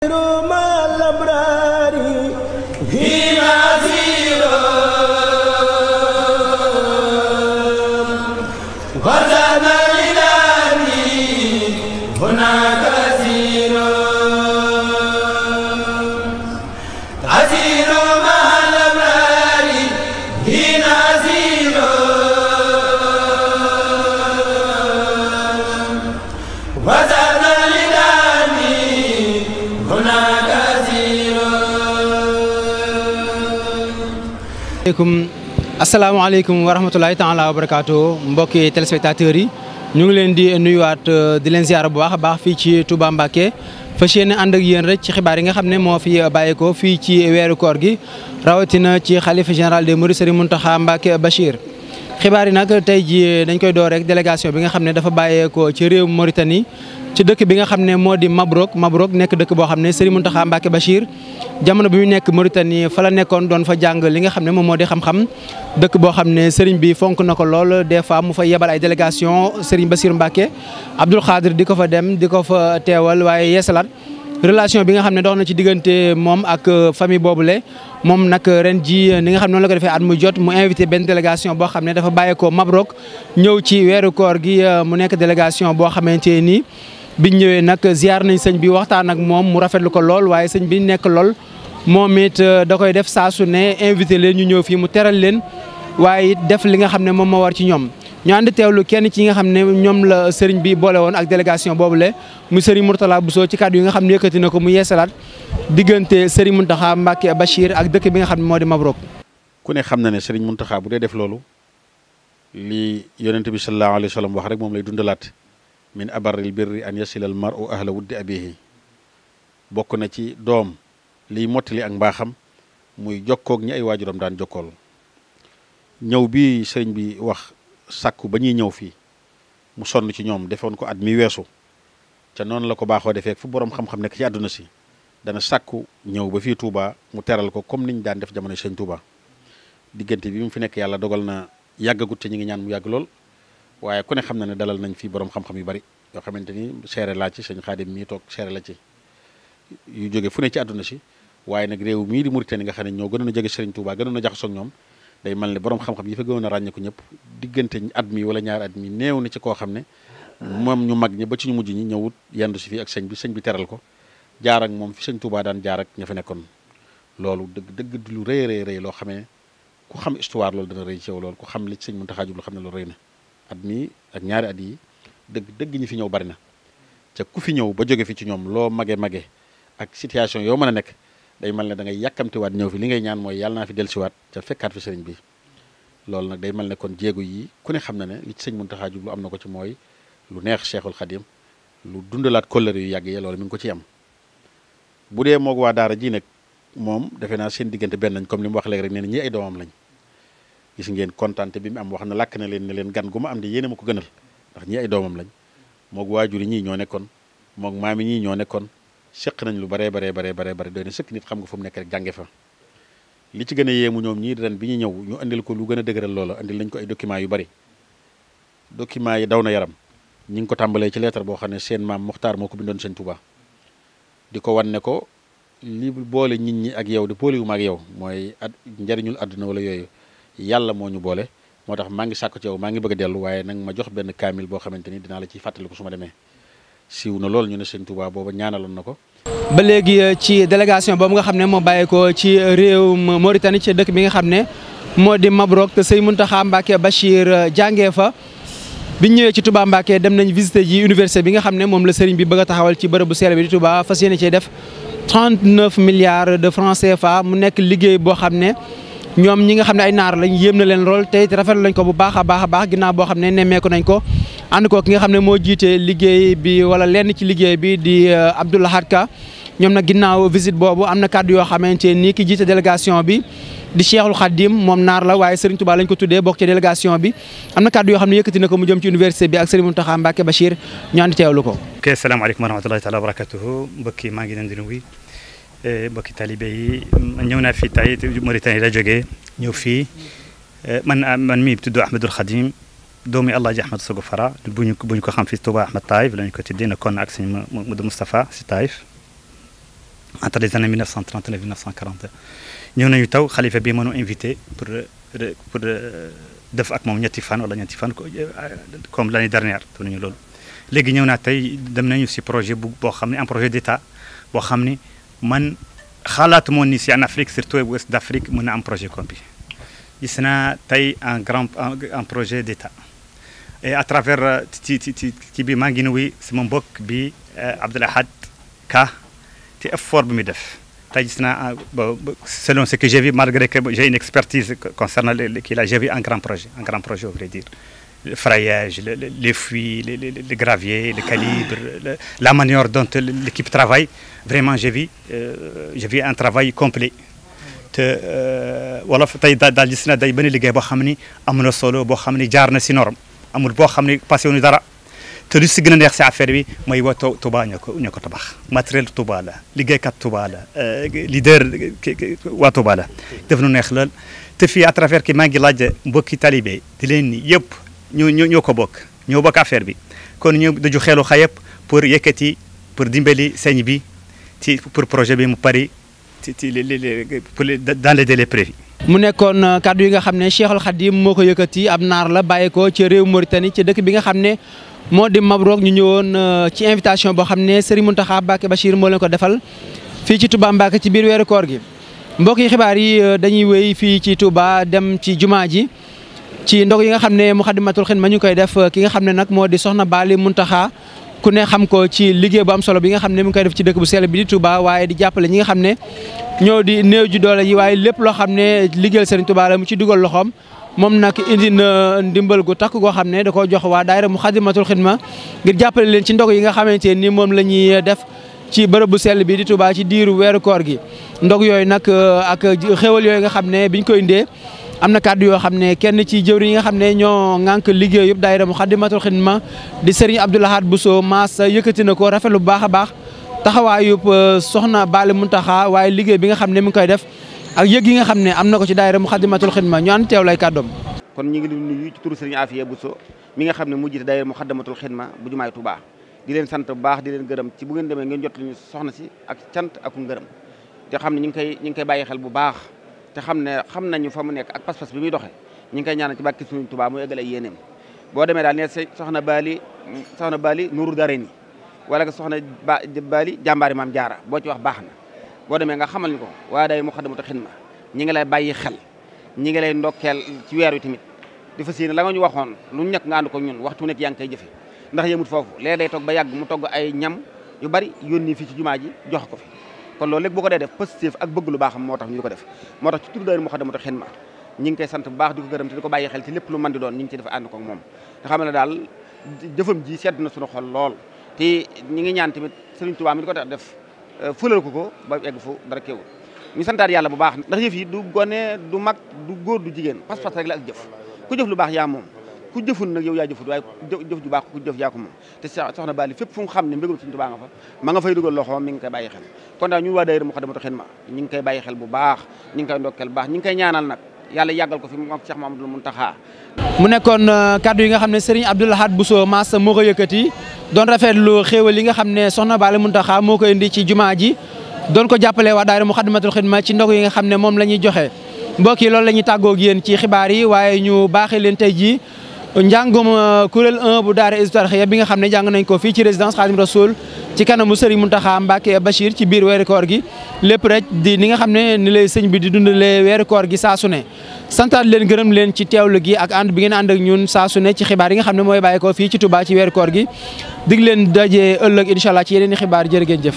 ma asalaamaaleykum asalaamaaleykum wa rahmatulahi taala wa barakaatu mbokki téléspectateurs yi ñu ngi leen di nuyuwaat euh, di leen ziara bu baax a baax fii ci Touba Mbacké fas yéene ànd ak yéen rek ci xibaar yi nga xam ne moo fi bàyyeekoo fii ci weeru koor gi rawatina ci xalifa général des Mourides Serigne Mountakha Mbacké Bachir. xibaar yi nag tey jii dañ koy door rek délégation bi nga xam ne dafa bàyyeekoo ci réew Mauritanie ci dëkk bi nga xam ne moo di Mabrok Mabrok nekk dëkk boo xam ne Serigne Mountakha Mbacké Bachir jamono bi mu nekk Mauritanie fa la nekkoon doon fa jàng li nga xam ne moom moo di xam dëkk boo xam ne Serigne bi fonk na ko lool des fois mu fa yebal ay délégation Serigne Bachir Mbacké Abdoul Khadir di ko fa dem di ko fa teewal waaye yeesalaat relation bi nga xam ne dox na ci diggante moom ak boobu euh, boobule moom nag euh, ren ji euh, ni nga xam ne noonu la ko defee at mu jot mu invité benn délégation boo xam ne dafa bàyyeekoo Mabrok ñëw ci weeru koor gi mu nekk délégation boo xamante nii biñ ñëwee nag ziar nañ sëñ bi waxtaan ak moom mu rafetlu ko lool waaye sëñ bi nekk lool moom it da koy def saa su ne invité leen ñu ñëw fii mu teral leen waaye it def li nga xam ne moom moo war ci ñoom. ñu ànd teewlu kenn ci nga xam ne ñoom la sëriñ bi boole woon ak boobu boobule mu sëriñ Mourtala soo ci kàddu yi nga xam ne yëkkati na ko mu yeesalaat diggante sëriñ Mountakha Mbacké Bachir ak dëkk bi nga xam ne moo di Mabrok. ku ne xam na ne sëriñ Mountakha bu dee def loolu li yonent bi sallallahu alayhi wa sallam wax rek moom lay dundalaat min abarril birri an yasila al mar'u ahla wuddi abihi bokk na ci doom liy mottali ak mbaaxam muy jokkoog ñi ay waajuram daan jokkool ñëw bi sëriñ bi wax sàkku ba ñuy ñëw fii mu sonn ci ñoom defoon ko at mi weesu ca noonu la ko baaxoo defee fu borom xam-xam nekk ci àdduna si dana sàkku ñëw ba fii Touba mu teral ko comme ñu daan def jamono sëñ Touba diggante bi mu fi nekk yàlla dogal na yàggagut te ñu ngi ñaan mu yàgg lool waaye ku xam na ne dalal nañ fii borom xam yu bari yoo xamante ni seere laa ci sëñ Xaadim mii toog seere la ci yu jóge fu ne ci àdduna si waaye nag réew mii di Mauritanie nga xam ne ñoo gënoon a jege Serigne Touba gënoon ñoom day mel ne boroom xam-xam yi fa gënoon a ràññeeku ñëpp diggante at mi wala ñaari at mi néew na ci koo xam ne moom ñu mag ñi ba ci ñu mujj ñi ñëwut yendu si fii ak sëñ bi sëñ bi teral ko jaar ak moom fi sëñ Touba daan jaar ak ña fa nekkoon loolu dëgg dëgg lu rëy rëy rëy loo xamee ku xam histoire loolu dana rëy ci yow loolu ku xam li ci sëñ Mountakha jublu xam ne loolu rëy at mi ak ñaari at yi dëgg dëgg ñi fi ñëw bari na te ku fi ñëw ba jóge fi ci ñoom loo mage mage ak situation yoo mën a nekk day mel ne da ngay yàkkamtiwaat ñëw fi li ngay ñaan mooy yàlla naa fi dellusiwaat ca fekkaat fi sëriñ bi loolu nag day mel ne kon jéego yi ku ne xam na ne li ci sëñ Muntaxa jublu am na ko ci mooy lu neex Cheikhul Khadim lu dundalaat kóllëre yu yàgg yi loolu mi ngi ko ci am bu dee moog waa daara ji nag moom defe naa seen diggante benn lañ comme li mu wax léegi rek nee na ñi ay doomam lañ gis ngeen kontaan bi mu am wax na làkk na leen ne leen gan gu ma am di yéene ma ko gënal ndax ñi ay doomam lañ moog waajur yi ñii ñoo nekkoon moog maam yi ñii ñoo nekkoon seq nañ lu baree bare baree baree bare doy na sëkk nit xam nga fu mu nekk rek jànge fa li ci gën a yéemu ñoom ñii ren bi ñu ñëw ñu andil ko lu gën a dëgëral loola andil nañ ko ay documents yu bari documents yi daw na yaram ñu ngi ko tàmbalee ci lettre boo xam ne seen maam Muxtaar moo ko bindoon seen Tuubaa di ko wan ne ko li boole nit ñi ak yow di boole wu ma ak yow mooy at njariñul àdduna wala yooyu yàlla moo ñu boole moo tax maa ngi sàkku ci yow maa ngi bëgg a dellu waaye nag ma jox boo xamante ni dinaa la ciy fàttaliku su ma demee siiw na lool ñu ne sëñ Touba booba ñaanaloon na ko. ba léegi eh, ci délégation boobu nga xam ne moo bàyyi ko ci réewum Mauritanie ci dëkk bi nga xam ne moo di Mabrok te sëñ Mountakha Mbacké Bachir eh, jàngee fa. biñ ñëwee ci Touba dem nañ visiter ji université bi nga xam ne moom la sëriñ bi bëgg a taxawal ci bërëb bu sell bi di Touba fas yéene cee def 39 milliards de francs CFA mu nekk liggéey boo xam ne. ñoom ñi nga xam ne ay naar lañ yéem na leen lool tey it rafetlu ko bu baax a baax a baax ginnaaw boo xam ne nemmeeku nañ ko ànd ko ki nga xam ne moo jiite liggéey bi wala lenn ci liggéey bi di euh, Abdou Lahad Ka ñoom nag ginnaaw visite boobu am na kàddu yoo xamante ni ki jiite délégation bi di Cheikhul Khadim moom naar la waaye Serigne Touba lañ ko tuddee bokk ci délégation bi am na kàddu xam ne yëkkati ne ko mu jëm ci université bi ak Serigne Mountakha Mbacké Bachir ñu ànd teewlu ko. ok salaamaaleykum wa rahmatulahi taala wa barakatuhu mbokki maa ngi leen di nuyu eh, mbokki talibe yi ñëw naa fii tey Mauritanie la jógee ñëw fii eh, man man mii tudd Ahmadul Khadim doomi Alaaji Ahmed Sougou Fara buñu buñu ko xam fi Touba Ahmed Taïf lañu ko tuddee nekkoon na ak sëñ Modou Moustapha si Taïf entre les années 1939 1940 ñëw nañu taw xalifa bi mënu invité pour pour euh, def ak moom ñetti fan wala ñetti fan euh, comme l'année dernière def nañu loolu léegi ñëw naa tey dem nañu si projet bu boo xam ne un projet d'état boo xam ni man xalaatu moon ni si en Afrique surtout ouest d'Afrique mën na am projet comme bi gis tey un grand un projet d'état et à travers euh, ci ci ci ci bi maa ngi nuyu sama mbokk bi euh, Abdoul Ahad Ka ci effort bi muy def tey gis naa euh, selon ce que j'ai vu malgré que j'ai une expertise concernant kii la j'ai vu un grand projet un grand projet au vrai dire le frayage le, le, les fuites le, le gravier le calibre la manière dont l'équipe travaille vraiment j'ai vu euh, j'ai vu un travail complet te wolof tey daal gis naa day benn liggéey boo xam ni am na solo boo xam ni jaar na si norme amul boo xam ne passé wuñu dara te li si gën neex si affaire bi mooy waa Touba ñoo ko ñoo ko tabax matériel Touba la liggéeykat Touba la euh, waa Touba def nu neex lool te fii à ki maa ngi laaj mbokki talibe di leen ni yëpp ñoo ñoo ko bokk ñoo bokk affaire bi kon ñoo daju xelu xayab pour yëkkati pour dimbali sëñ bi ci pour projet bi mu pari ti ci pour dans les délais prévus mu nekkoon euh, kàddu yi nga xam ne Cheikhul Khadim moo ko yëkkati ab naar la bàyyeekoo ci réew Mauritanie ci dëkk bi nga xam ne moo di Mabrouk ñu ñëwoon euh, ci invitation boo xam ne Serigne Mountakha Mbacké Bachir moo leen ko defal fii ci Touba Mbacké ci biir weeru koor gi mbokk yi xibaar yi euh, dañuy wéy fii ci Touba dem ci jumaa ji ci ndox yi nga xam ne Muxaddamatul ma ñu koy def ki nga xam ne nag moo di Soxna Bali Mountakha ku ne xam ko ci liggéey bu am solo bi nga xam ne mu ngi koy def ci dëkk bu sell bi di Touba waaye di jàppale ñi nga xam ne ñoo di néew ju doole yi waaye lépp loo xam ne liggéeyal seen Touba la mu ci dugal loxoom moom nag indi na ndimbal gu takk goo xam ne da koo jox waa daayira Muxaddamatul Xidma ngir jàppale leen ci ndog yi nga xamante ni moom la ñuy def ci bërëb bu sell bi di tubaa ci diiru weeru koor gi ndog yooyu nag ak xéwal yooyu nga xam ne biñ koy indee am na kàddu yoo xam ne kenn ci jëwriñ yi nga xam ne ñoo ŋànk liggéey yëpp daayira Muxaddamatul Xidma di sëriñ Abdou Lahad Bousso Mass yëkkati na ko rafet lu baax a baax taxawaayub euh, soxna Baali Muntaxa waaye liggéey bi nga xam ne mi ngi koy def ak yëg yi nga xam ne am na ko ci daayira Muxaddamatul Xidma ñu ànd teew lay kàddoom kon ñu ngi leen nuyu ci turu sëriñ Afiya Bousso mi nga xam ne mu jiite daayira Muxaddamatul Xidma bu jumaay Tuubaa di leen sant bu baax di leen gërëm ci bu ngeen demee ngeen jot lañu soxna si ak cant ak ngërëm te xam ne ñu ngi koy ñu ngi koy bàyyi xel bu baax te xam ne xam nañu fa mu nekk ak pas bi muy doxee ñu ngi koy ñaanal ci bàkki suñu Tuubaa mu eggale yéeneem boo demee daal ne soxna Baali soxna Baali Nuuru Darayni wala nga soxna ba Baali jàmbaari maam jaara boo ci wax baax na boo demee nga xamal ñu ko waa day Muxaddamatul Xidma ñi ngi lay bàyyi xel ñi ngi lay ndokkeel ci weer wi tamit di fas yéene la nga ñu waxoon lu nekk nga ànd ñun waxtu nekk yaa ngi koy jëfe ndax yëmut foofu léeg day toog ba yàgg mu togg ay ñam yu bari yónni fii ci jumaa ji jox ko fi kon loolu lépp boo ko dee def positif ak bëgg lu baaxam moo tax ñu di ko def moo tax ci turu daayira Moukhaddamatoul Khidma ñi ngi koy sant bu baax di ko gërëm te di ko bàyyi xel ci lépp lu mën doon ñi ci def ànd ko moom nga xam daal jëfam ji sedd na suñu xol lool te ñi ngi ñaan tamit Sëriñ Tuubaa mi di ko tax def euh, fulal ko ko ba egg fu dara kéewul ñu santaat yàlla bu baax ndax yëf yi du gone du mag du góor du jigéen pas-pas rek la ak jëf ku jëf lu baax yaa moom ku jëfun nag yow yaa jëfut waaye jëf ju baax ku jëf yaa ko moom te soxna Bali fépp fu mu xam ne mbégum Sëriñ Tuubaa nga fa ma nga fay dugal loxoom mi ngi koy bàyyi xel kon daal ñun waa daayira Moukhaddamatoul Khidma ñi ngi mu nekkoon euh, kaddu yi nga xam ne Serigne Abdoul Ahad Bousso Massa moo ko yëkkati ci jumaa ji doon ko jàppale waa daayira Moukhaddamatoul Khidma ci ndog yi nga xam ne moom la joxe mbokk yi loolu la ñuy ci xibaar waaye ñu baaxee leen njàngum euh, kuréel bu daara Hizbut Tarqiyyah bi nga xam ne jàng nañ ko fii ci résidence Khadim Rasoul ci kanamu Serigne Mountakha Mbacké Bachir ci biir weeru koor gi lépp rek di ni nga xam ne ni lay sëñ bi di dundalee weeru koor gi saa su ne santaat leen gërëm leen ci teewlu gi ak ànd bi ngeen ànd ak ñun saa su ne ci xibaar yi nga xam ne mooy bàyyi ko fii ci Touba ci weeru koor gi dig leen daje ëllëg incha ci yeneen i xibaar jërë ngeen jëf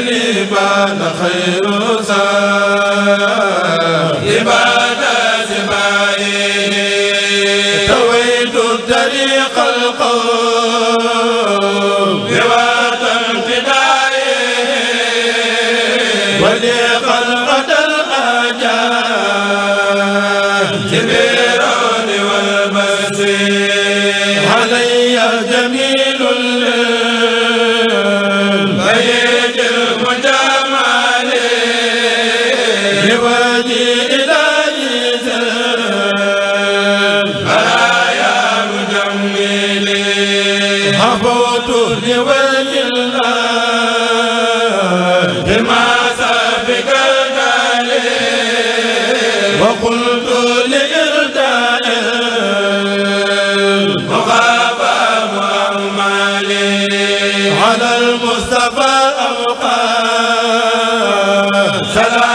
xaliban xayru sa salaam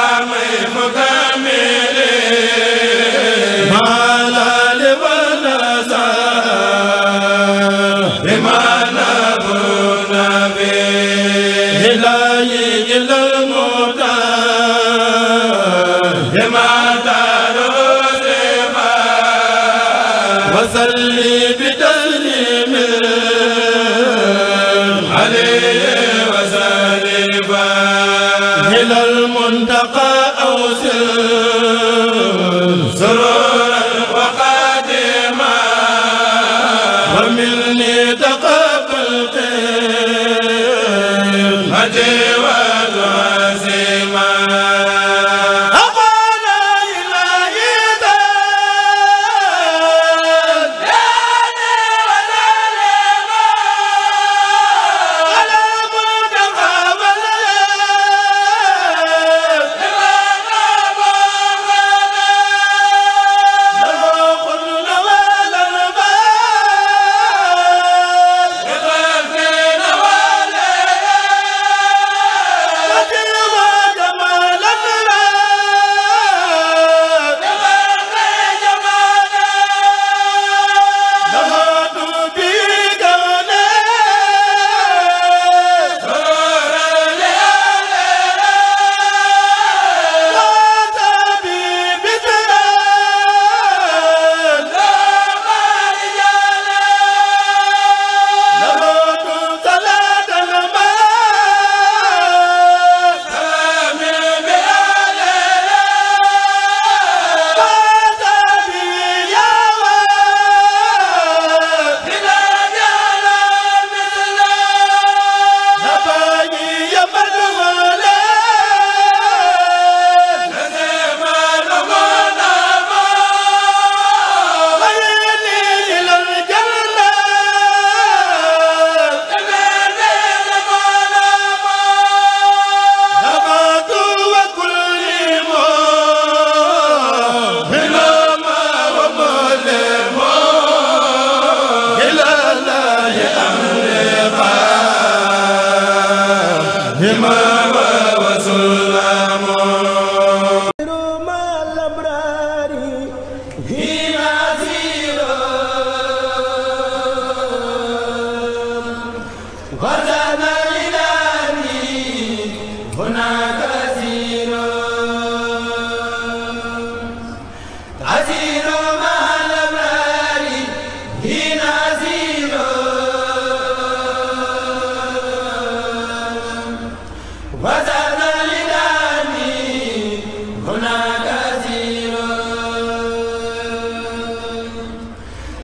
المنتقى أوصل